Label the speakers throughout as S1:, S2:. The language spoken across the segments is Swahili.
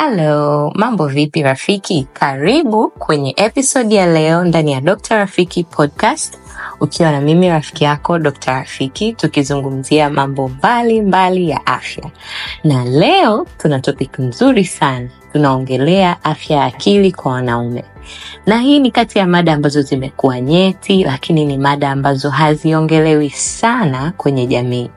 S1: Hello, mambo vipi rafiki? Karibu kwenye episodi ya leo ndani ya Dr. Rafiki podcast, ukiwa na mimi rafiki yako Dr. Rafiki, tukizungumzia mambo mbalimbali ya afya. Na leo tuna topic nzuri sana, tunaongelea afya ya akili kwa wanaume na hii ni kati ya mada ambazo zimekuwa nyeti, lakini ni mada ambazo haziongelewi sana kwenye jamii.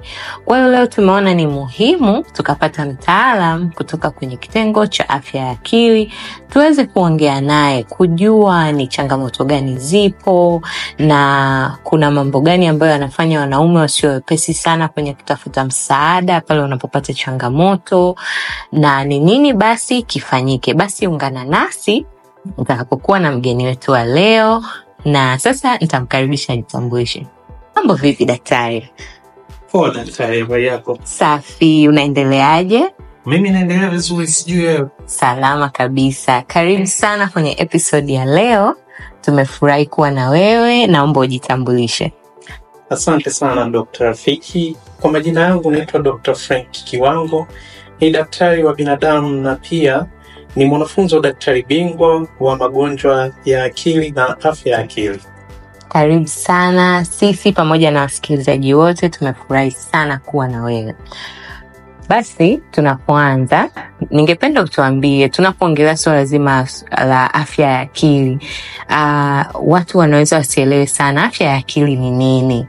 S1: Kwa hiyo leo tumeona ni muhimu tukapata mtaalam kutoka kwenye kitengo cha afya ya akili, tuweze kuongea naye kujua ni changamoto gani zipo na kuna mambo gani ambayo yanafanya wanaume wasio wepesi sana kwenye kutafuta msaada pale wanapopata changamoto na ni nini basi kifanyike. Basi ungana nasi nitakapokuwa na mgeni wetu wa leo, na sasa nitamkaribisha nitambulishe. Mambo vipi daktari? daktari, Safi, unaendeleaje? Mimi naendelea vizuri, sijui wewe? Salama kabisa. Karibu sana kwenye episodi ya leo, tumefurahi kuwa na wewe. Naomba ujitambulishe.
S2: Asante sana Dr. Rafiki. Kwa majina yangu naitwa Dr. Frank Kiwango, ni daktari wa binadamu na pia ni mwanafunzi wa daktari bingwa wa magonjwa ya akili na afya ya akili.
S1: Karibu sana. Sisi pamoja na wasikilizaji wote tumefurahi sana kuwa na wewe. Basi tunapoanza, ningependa utuambie, tunapoongelea suala zima la afya ya akili, uh, watu wanaweza wasielewe sana afya ya akili ni nini?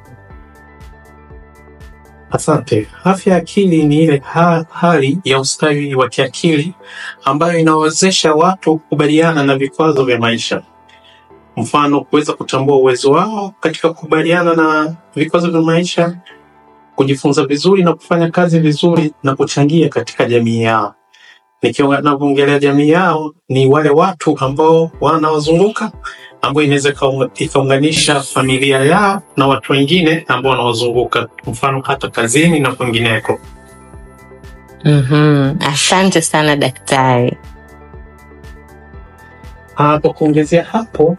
S2: Asante. Afya ya akili ni ile ha hali ya ustawi wa kiakili ambayo inawawezesha watu kukubaliana na vikwazo vya maisha. Mfano, kuweza kutambua uwezo wao katika kukubaliana na vikwazo vya maisha, kujifunza vizuri na kufanya kazi vizuri na kuchangia katika jamii yao nikiwa navyoongelea jamii yao ni wale watu ambao wanawazunguka ambayo inaweza ikaunganisha familia yao na watu wengine ambao wanawazunguka, mfano hata kazini na kwingineko.
S1: Mm-hmm. Asante sana daktari.
S2: Ah, kwa kuongezea hapo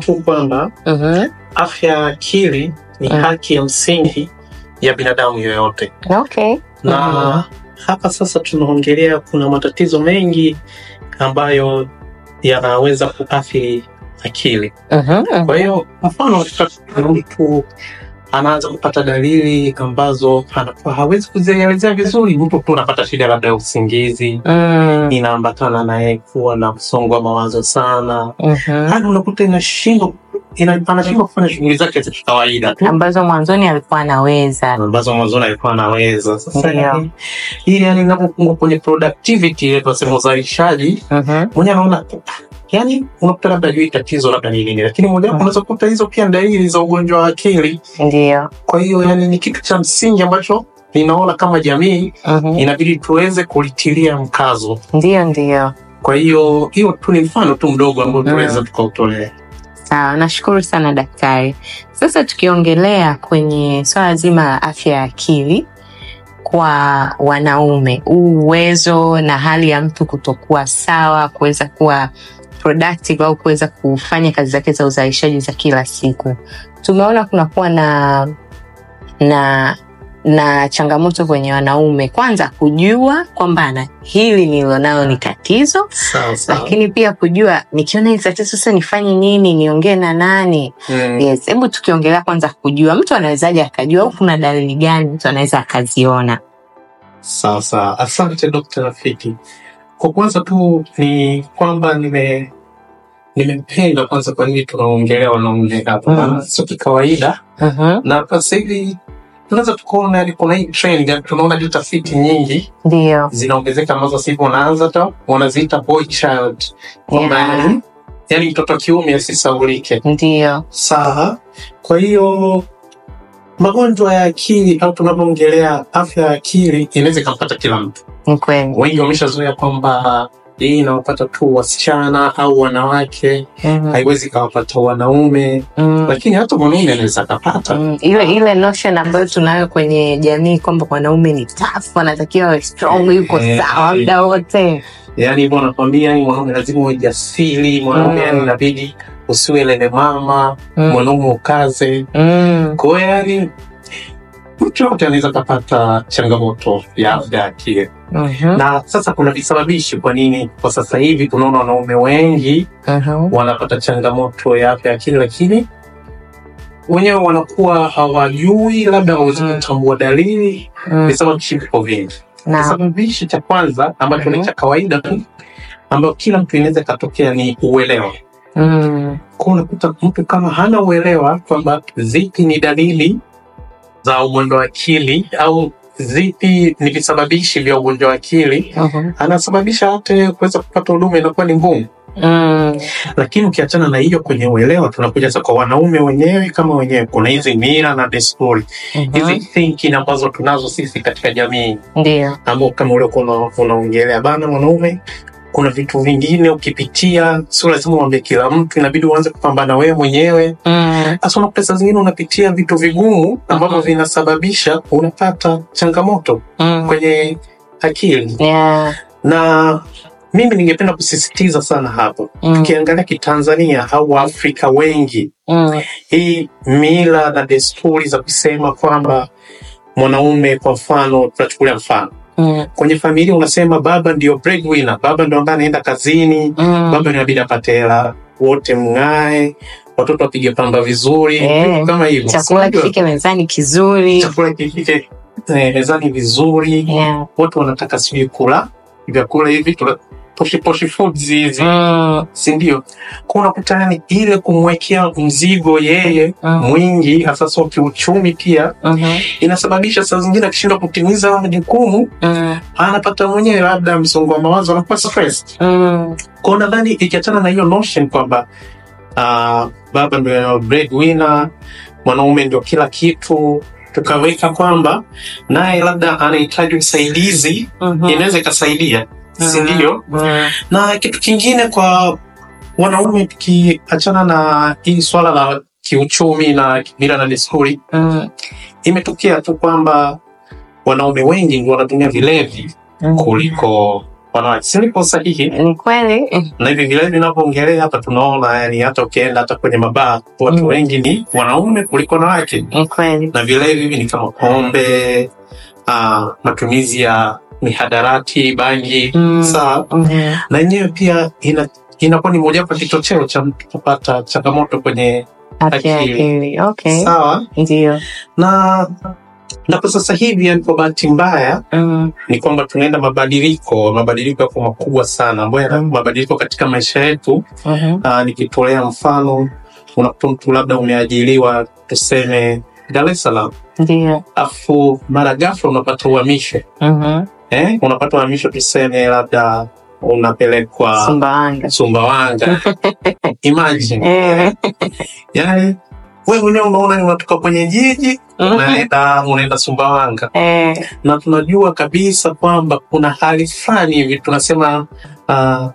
S2: tu kwamba mm-hmm. afya ya akili ni mm-hmm. haki ya msingi ya binadamu yoyote. Okay. na mm-hmm hapa sasa tunaongelea kuna matatizo mengi ambayo yanaweza kuathiri akili. Kwa hiyo mfano mtu anaanza kupata dalili ambazo anakuwa hawezi kuzielezea vizuri. Mtu tu anapata shida labda ya usingizi mm. inaambatana naye kuwa na msongo wa mawazo sana,
S1: hadi yaani uh-huh. unakuta inashindwa anashindwa kufanya
S2: shughuli zake za kawaida
S1: tu ambazo mwanzoni alikuwa anaweza, ambazo mwanzoni alikuwa anaweza.
S2: Sasa hii yani, inapopungua kwenye productivity ile tunasema uzalishaji, mm-hmm. mwenyewe anaona yani unakuta labda juu tatizo labda ni nini, lakini moja wapo mm-hmm. unaweza kukuta hizo pia dalili za ugonjwa wa akili. Ndio, kwa hiyo yani ni kitu cha msingi ambacho ninaona kama jamii mm-hmm. inabidi tuweze kulitilia mkazo.
S1: Ndio, ndio.
S2: Kwa hiyo hiyo tu ni mfano tu mdogo ambao tunaweza tukautolea.
S1: Sawa, nashukuru sana daktari. Sasa tukiongelea kwenye swala zima la afya ya akili kwa wanaume, huu uwezo na hali ya mtu kutokuwa sawa, kuweza kuwa productive au kuweza kufanya kazi zake za uzalishaji za kila siku, tumeona kunakuwa na na na changamoto kwenye wanaume, kwanza kujua kwamba na hili nilionalo ni tatizo sao, sao. Lakini pia kujua nikiona hili tatizo sasa nifanye nini, niongee na nani? mm. Yes, hebu tukiongelea kwanza kujua mtu anawezaje akajua, au kuna dalili gani mtu anaweza akaziona?
S2: sasa asante Dokta Rafiki. Kwa kwanza tu ni kwamba nime nimempenda kwanza, kwa nini tunaongelea wanaume hapa, mm. sio kikawaida. uh mm-hmm. -huh. na sasa tunaweza tukaona yani kuna hii trend yaani tunaona juu tafiti nyingi ndio zinaongezeka ambazo sasa hivi wanaanza ta wanaziita boy child kwamba yeah. yani mtoto kiume asisaulike ndio sawa kwa hiyo magonjwa ya akili au tunapoongelea afya ya akili inaweza ikampata kila mtu wengi wameshazoea kwamba hii inawapata tu wasichana au wanawake mm-hmm. haiwezi kawapata wanaume mm-hmm. lakini hata mwanaume anaweza akapata mm-hmm.
S1: ile, notion ambayo tunayo kwenye jamii kwamba wanaume ni taf wanatakiwa wawe strong eh, yuko eh, sawa mda eh. wote
S2: yani hivo anakwambia mwanaume lazima uwe jasiri mwanaume yani mm. inabidi usiwe mama mm. mwanaume ukaze mm. kwao yani mtu yote anaweza akapata changamoto ya afya akili. Uhum. Na sasa kuna visababishi kwa nini kwa sasa hivi tunaona wanaume wengi uh-huh. wanapata changamoto ya afya ya akili, lakini wenyewe wanakuwa hawajui, labda hawawezi mm. kutambua dalili. Mm. Visababishi viko vingi. Kisababishi cha kwanza ambacho ni mm-hmm. cha kawaida tu ambayo kila mtu inaweza katokea ni uelewa. Mm. Kwa unakuta mtu kama hana uelewa kwamba zipi ni dalili za ugonjwa wa akili au zipi ni visababishi vya ugonjwa wa akili uh-huh. anasababisha wote kuweza kupata huduma inakuwa ni ngumu Mm. Lakini ukiachana na hiyo kwenye uelewa, tunakuja sa kwa wanaume wenyewe kama wenyewe, kuna hizi mira na desturi mm-hmm. hizi thinking ambazo tunazo sisi katika jamii, ndio ambao kama uliokuwa unaongelea bana, mwanaume kuna vitu vingine ukipitia, sio lazima uambie kila mtu, inabidi uanze kupambana wewe mwenyewe mm. hasa. Mm. saa zingine unapitia vitu vigumu ambavyo mm vinasababisha unapata changamoto mm. kwenye akili yeah. na mimi ningependa kusisitiza sana hapo mm. Tukiangalia Kitanzania au Waafrika wengi mm. hii mila na desturi za kusema kwamba mwanaume, kwa mfano, tunachukulia mfano mm. Kwenye familia unasema baba ndio breadwinner, baba ndio ambaye anaenda kazini mm. Baba inabidi apate hela, wote mng'ae, watoto wapige pamba vizuri eh, kama hivyo, chakula
S1: kifike mezani kizuri,
S2: chakula kifike eh, mezani vizuri yeah. wote wanataka sijui kula vyakula hivi poshiposhi foods mm. si ndio? Kwa unakuta yani ile kumwekea mzigo yeye mm. mwingi hasa so kiuchumi pia mm -hmm. inasababisha saa zingine akishindwa kutimiza majukumu mm. anapata mwenyewe labda msongo wa mawazo, anakuwa stressed mm. kwao. Nadhani ikiachana na hiyo notion kwamba uh, baba ndio breadwinner, mwanaume ndio kila kitu tukaweka kwamba naye labda anahitaji usaidizi, mm -hmm. inaweza ikasaidia. Mm. sindio? Mm. Na kitu kingine kwa wanaume, tukiachana na hii swala la kiuchumi na mila na desturi mm. mm imetokea tu kwamba wanaume wengi wanatumia vilevi mm. kuliko wanawake. Si nipo sahihi?
S1: kweli.
S2: Na hivi vilevi vinavyoongelea hapa tunaona, yani hata ukienda hata kwenye mabaa watu mm. wengi ni wanaume kuliko wanawake. kweli. Na vilevi hivi ni kama pombe, uh, matumizi ya mihadarati, bangi mm. saa mm. na yenyewe pia ina inakuwa ni kwa kichocheo cha mtu kupata changamoto kwenye akili. Okay. Sawa, ndio na na kwa sasa hivi, yani kwa bahati mbaya mm. ni kwamba tunaenda mabadiliko, mabadiliko yako makubwa sana ambayo mm. mabadiliko katika maisha yetu mm -hmm. nikitolea mfano, unakuta mtu labda umeajiliwa tuseme Dar es Salaam, ndio afu mara ghafla unapata uhamisho mm -hmm eh, unapata uhamisho tuseme labda unapelekwa Sumbawanga, Sumbawanga. Imagine eh. yani wewe mwenyewe unaona unatoka kwenye jiji mhm. unaenda unaenda Sumbawanga eh. na tunajua kabisa kwamba kuna hali fulani hivi tunasema uh,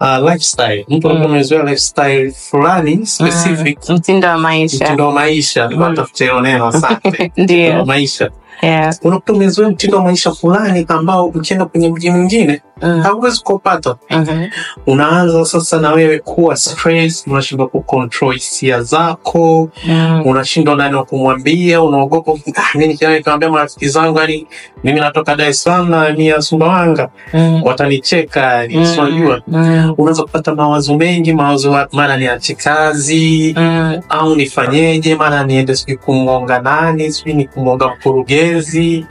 S2: uh, lifestyle mtu mm. amezoea lifestyle fulani specific mm. wa maisha mtindo wa maisha mm. tafute neno asante ndio maisha yeah. Unakuta umezoea mtindo wa maisha fulani ambao ukienda kwenye mji mwingine mm. hauwezi kupata. Okay. Mm-hmm. Unaanza sasa na wewe kuwa stress, unashindwa kucontrol hisia zako mm. unashindwa nani wa kumwambia, unaogopa ah, mimi nikiwaambia marafiki zangu yani mimi natoka Dar es Salaam na mi ya Sumbawanga mm. watanicheka ni yaani mm. unajua mm. unaweza kupata mawazo mengi, mawazo mara niache kazi mm. au nifanyeje, mara niende sijui kumwonga nani, sijui ni kumwonga mkurugenzi mapenzi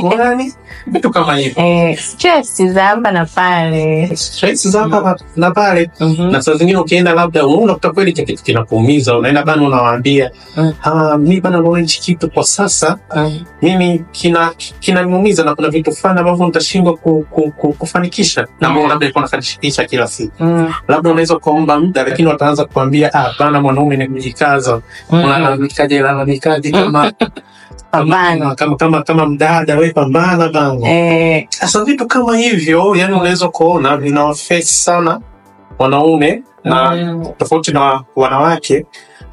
S2: kwani vitu kama hivyo
S1: eh, stress za hapa na pale
S2: stress za hapa na pale mhm. na saa zingine ukienda labda unakuta kweli cha kitu kinakuumiza unaenda bana unawaambia mm. ah, mi bana naona kitu kwa sasa mm. mimi kina kinaniumiza na kuna vitu fulani ambavyo nitashindwa ku, ku, ku, kufanikisha na ambao mm. labda ilikuwa nafanikisha kila siku mm. labda unaweza kuomba mda lakini wataanza kukwambia ah, bana mwanaume ni kujikaza mm. unalalamikaje lalamikaje kama pambana kama, kama, kama mdada we pambana bana eh. Sasa vitu kama hivyo yani unaweza kuona vinawafesi sana wanaume na mm. tofauti na wanawake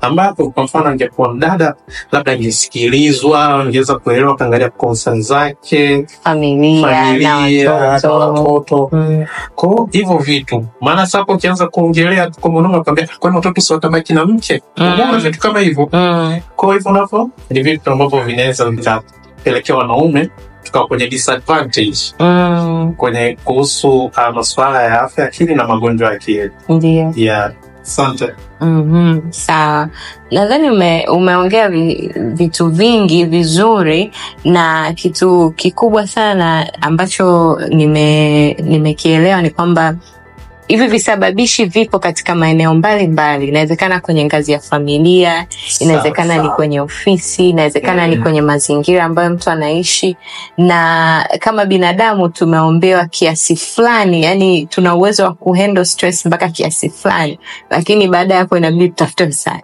S2: ambapo kwa mfano angekuwa mdada labda angesikilizwa, angeweza kuelewa, kaangalia konsa zake,
S1: familia na
S2: watoto mm. kwao, hivyo vitu. Maana sasa ukianza kuongelea kwa mwanaume akwambia, kwani watoto si watabaki na mke? Mm. Unaona vitu kama hivyo. Mm. Kwa hivyo navyo ni vitu ambavyo vinaweza vikapelekea wanaume tukawa kwenye disadvantage mm. kwenye kuhusu uh, masuala ya afya akili na magonjwa ya akili. Ndio. Yeah. Asante.
S1: Mm-hmm, sawa. Nadhani ume, umeongea vitu vingi vizuri, na kitu kikubwa sana ambacho nime nimekielewa ni kwamba Hivi visababishi vipo katika maeneo mbalimbali, inawezekana kwenye ngazi ya familia, inawezekana ni kwenye ofisi, inawezekana yeah, ni mm. kwenye mazingira ambayo mtu anaishi, na kama binadamu tumeombewa kiasi fulani, yani tuna uwezo wa kuhandle stress mpaka kiasi fulani, lakini baada ya hapo inabidi tutafute msaada.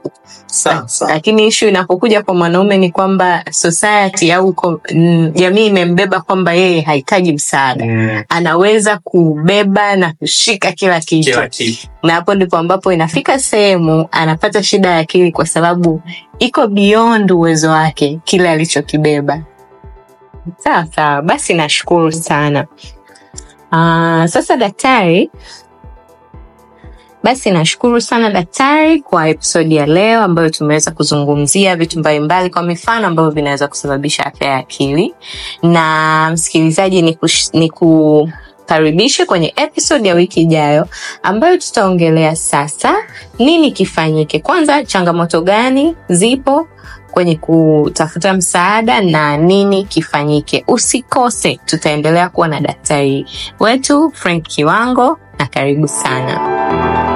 S1: Lakini ishu inapokuja kwa mwanaume ni kwamba society au mm, jamii imembeba kwamba yeye hahitaji msaada, mm. anaweza kubeba na kushika kila kila kitu, kila kitu. Na hapo ndipo ambapo inafika sehemu anapata shida ya akili kwa sababu iko beyond uwezo wake kile alichokibeba. Sawa sawa, basi nashukuru sana. Aa, ah, sasa daktari, basi nashukuru sana daktari kwa episodi ya leo ambayo tumeweza kuzungumzia vitu mbalimbali kwa mifano ambavyo vinaweza kusababisha afya ya akili. Na msikilizaji ni, kush, ni ku nikukaribishe kwenye episode ya wiki ijayo ambayo tutaongelea sasa nini kifanyike. Kwanza, changamoto gani zipo kwenye kutafuta msaada na nini kifanyike. Usikose, tutaendelea kuwa na daktari wetu Frank Kiwango, na karibu sana.